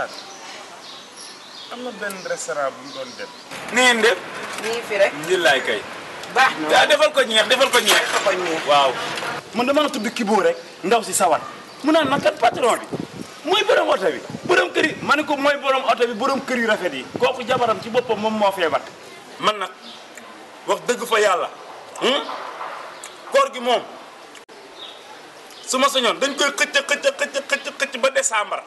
waxtaan am na benn restaurant bu mu doon dem. nii ndépp. nii fi rek. nii laay kay. baax na waaw defal ko ñeex defal ko ñeex. defal ko ñeex waaw. dama la tudd Kibo rek ndaw si sawar mu naan man kat patron mooy oto bi borom kër yi ma ne ko mooy borom oto bi borom kër yu rafet yi kooku jabaram ci boppam moom moo feebar. man nag wax dëgg fa yàlla hmm? koor gi moom su ma sañoon dañ koy xëcc xëcc xëcc xëcc ba décembre.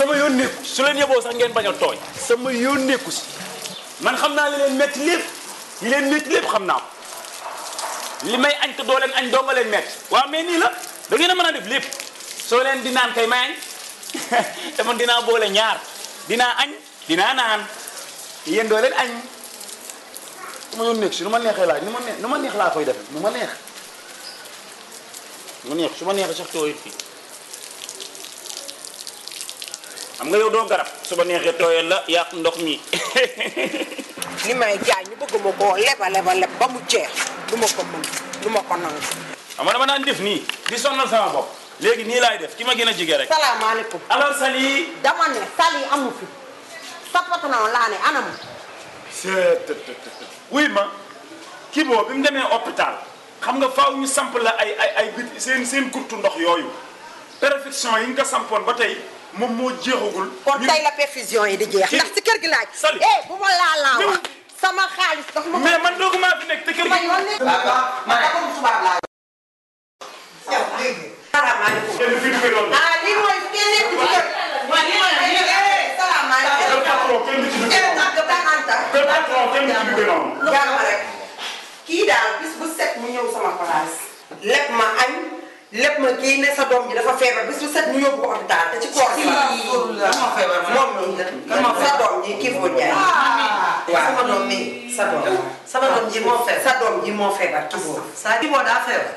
sama yoon nekku su leen yeboo sax ngeen bañ a tooñ sama yoon nekku si man xam naa li leen metti lépp li leen lépp xam naa li may añ te doo añ doo nga leen metti waaw mais nii la da ngeen a mën a def lépp soo leen di naan kay may añ te man dinaa boole ñaar dinaa añ dinaa naan yéen doo leen añ sama nekk si nu ma neexee laa nu ma neex nu ma neex laa koy defe nu ma neex mu neex su ma neexee sax tooyit fii xam nga yow doo garab suba neexee tooyal la yàq ndox mi. li may jaay ñu bëgg ma koo leba leba leb ba mu jeex du ma ko mën du ma ko nangu. xam nga dama daan def nii di sonnal sama bopp léegi nii laay def ki ma gën a jige rek. salaamaaleykum alors Sali. dama ne Sali amu fi sapatu na laa ne anamu. c'est wuy ma kii boobu bi mu demee hôpital xam nga faaw ñu samp la ay ay seen seen kurtu ndox yooyu perfection yi nga ko sampoon ba tey. moom moo jeexagul. kon tey la perfusion yi di jeex. kër gi laaj. sali eh, bu ma laalaawa. sama xaalis dafa ma. mais man doogu maa fi nekk te kër gi. kii daal bis bu set mu ñëw sama place lépp ma kii ne sa doom ji dafa feebar bés bu set ñu yóbbu ko hôpital te ci koor ah, gi. moom la sa kii boo ah. sama sa doom. ji moo feebar sa doom ji moo feebar daa feebar.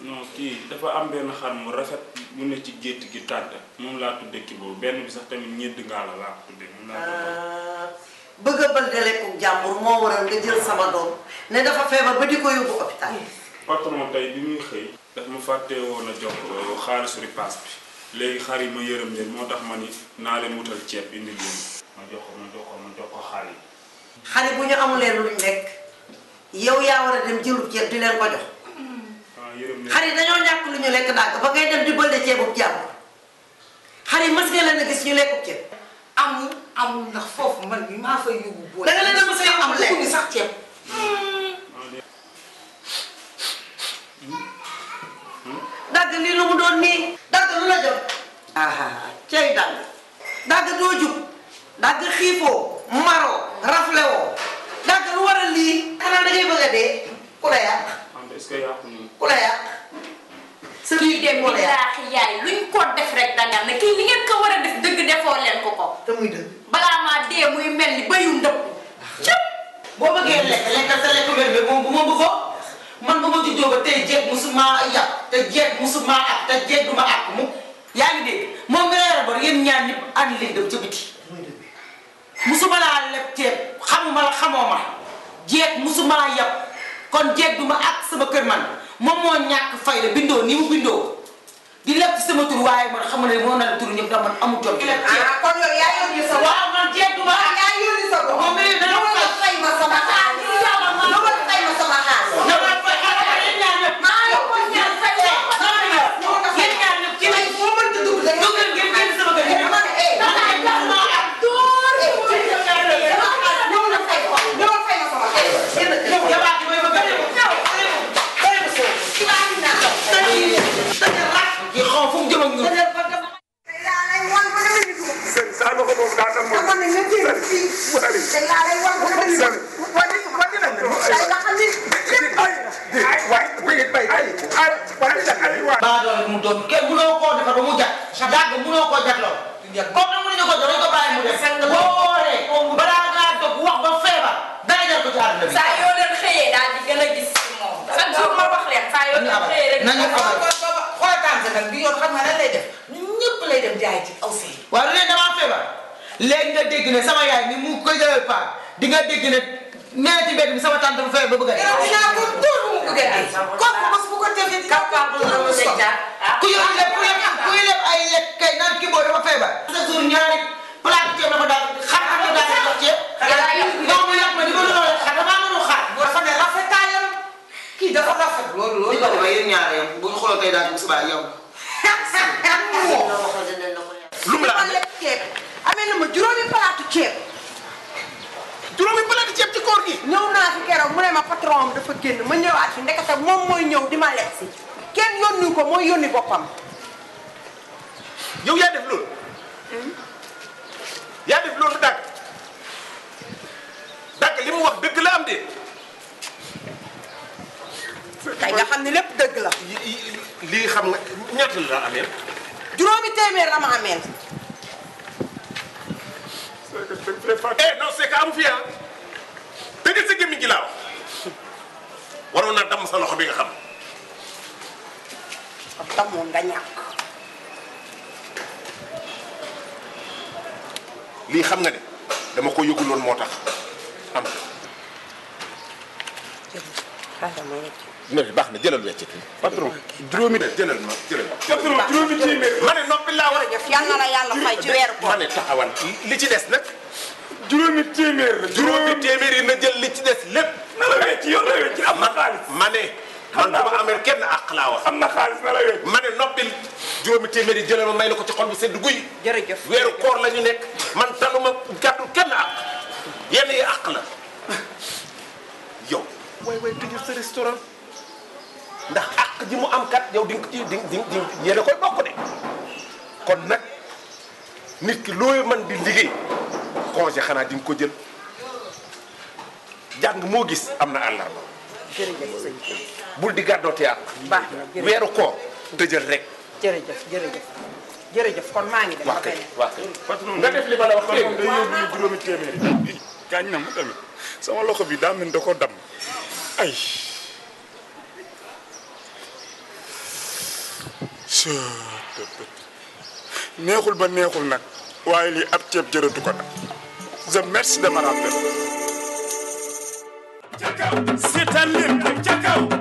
non kii dafa am benn xar mu rafet mu ne ci gétt gi tàgg moom laa tuddee Kibor benn bi sax tamit ñedd ngaa la laa ko tuddee moom laa tuddee. Ah, bëgg a bëgg a lekk jàmbur moo waral nga jël sama doom ne dafa feebar ba di ko yóbbu hôpital. patron tey bi muy xëy daf ma fàtte woon a jox euh, xaalisu ripaas bi léegi xar yi ma yërëm leen moo tax ma ni naa leen wutal ceeb indi leen ma jox ko ma jox ko ma jox ko ñu amuleen luñ lekk yow yaa a dem jëlub ceeb di leen ko jox ah, xar dañoo ñàkk lu ñu lekk dàgg ba ngay dem di bëlde ceebub jàmm xar yi mës nga leen a gis ñu lekk ceeb amul amul ndax foofu man bi maa fay yóbbu boole da leen a mës a am lekk sax ceeb lii lu mu doon nii dagg lu la jot aha cey dagg doo jub dagg xiifoo maroo rafle woo dagg lu war a lii xanaa da ngay bëgg a dee ku la yàq ku la yàq sa mu dem bi laax yaay luñ ko def rek dangal na kii li ngeen ko war a def dëgg defoo leen ko ko balaa maa dee muy mel ni bayu ndëpp cëpp boo bëggee lekk lekkal sa lekk wér bi moom bu ma bëggoo man ba ma juddoo ba tey jeeg musuma yàq te jeeg musuma ak te jeeg duma ak mu yaa ngi dégg moom nga yore bor yéen ñaar ñëpp ànd leen dem ca biti ma duma ak sama kër man moom moo ñàkk fay la bindoo ni mu bindoo di leb ci sama tur waaye man xam ne moo naan tur ñëpp da man amul jot. ah kon waaw man jeeg duma ak ah, yaa yónni sa bopp moom mi ngi ma sama xaw fu mu jëm ak ñun. seen saa loxo boobu daa tam moom. seen baadoole mu doon kenn mënoo koo defar ba mu jàpp. dàgg mënoo koo jatloo. comme nag mënuñu ko jox dañu ko bàyyi mu def. sànq boo wooree balaa ngaa toog wax ba feebar. dara jar ko ci àdduna bi. saa yoo leen xëyee daal di gën a gis moom. chaque jour ma wax leen saa yoo leen xëyee rek. nañu amal vacances nag bi yoon xam nga lan lay def ñun ñëpp lay dem jaay ci aw sëy. waaw lu ne damaa feebar léegi nga dégg ne sama yaay ni mu ko jëlee paa di nga dégg ne nee ci mbedd mi sama tante bu feebar ba bëgg a. dee naa ko dóor bu mu bëgg a dee. kooku mos bu ko defee dina ko dóor bu soog ku yor lépp ku yor ku yor ay lekk kay naan kii boo dafa feebar. sa jour ñaari plat ceeb la ko daal xam xam nga daal di jox ceeb. xanaa mu yàq ma di ko lool xanaa maa mënul xaar. dafa ne rafetaayam kii dafa rafet loolu loolu. li ko defee yéen ñaar yow. loolu kay daal di subaa lu mu la amee amee na ma juróomi palaatu ceeb. juróomi palaatu ceeb ci koor gi. ñëw naa fi keroog mu ne ma patron dafa génn ma ñëwaat fi ndekete moom mooy ñëw di ma lekk kenn yónni ko mooy yónni boppam. yow yaa def loolu. Hmm? yaa def loolu dàgg dàgg li mu wax dëgg la am de. tey nga xam ne lépp dëgg la. lii xam nga ñaata la amee. juróomi téeméer la ma amee. eh non c'est fi ah. dëgg sa gémmiñ gi laa wax. waroon damm sa loxo bi nga xam. ab dammoon nga ñàkk. lii xam nga ne dama ko yëguloon moo tax nawet baax na jëlal weccet bi. patron juróomi jëlal ma jëlal. patron juróomi téeméer. ma ne noppi laa war a. yal na la yàlla fay ci weeru koor. ma ne taxawal li ci des nag. juróomi téeméer la. juróomi téeméer yi na jël li ci des lépp. na la wecc yor na wecc am na xaalis. ma ne man du ma amee kenn àq laa wax. am na xaalis na la wecc. ma ne noppi juróomi téeméer yi jëlal ma may la ko ci xol bu sedd guy. jërëjëf weeru koor la ñu nekk man taluma gàttul kenn àq yenn yi àq la yow. waay waay tëjal sa restaurant ndax àq ji mu am kat yow di nga ko ci di di di yéen a koy bokk de kon nag nit ki looy man di liggéey congé xanaa di ko jël jàng moo gis am na àllarba bul di gàddooti àq baax weeru koor dëjël rek jërëjëf jërëjëf jërëjëf kon maa ngi dem waaw kay waaw kay nga def li ma la wax léegi day na mu sama loxo bi daa mel da ko dam ay neexul ba neexul nag waaye lii ab ceeb jërëtu ko nag je merci de ma rappel ca kaw seetaan leen ko ca kaw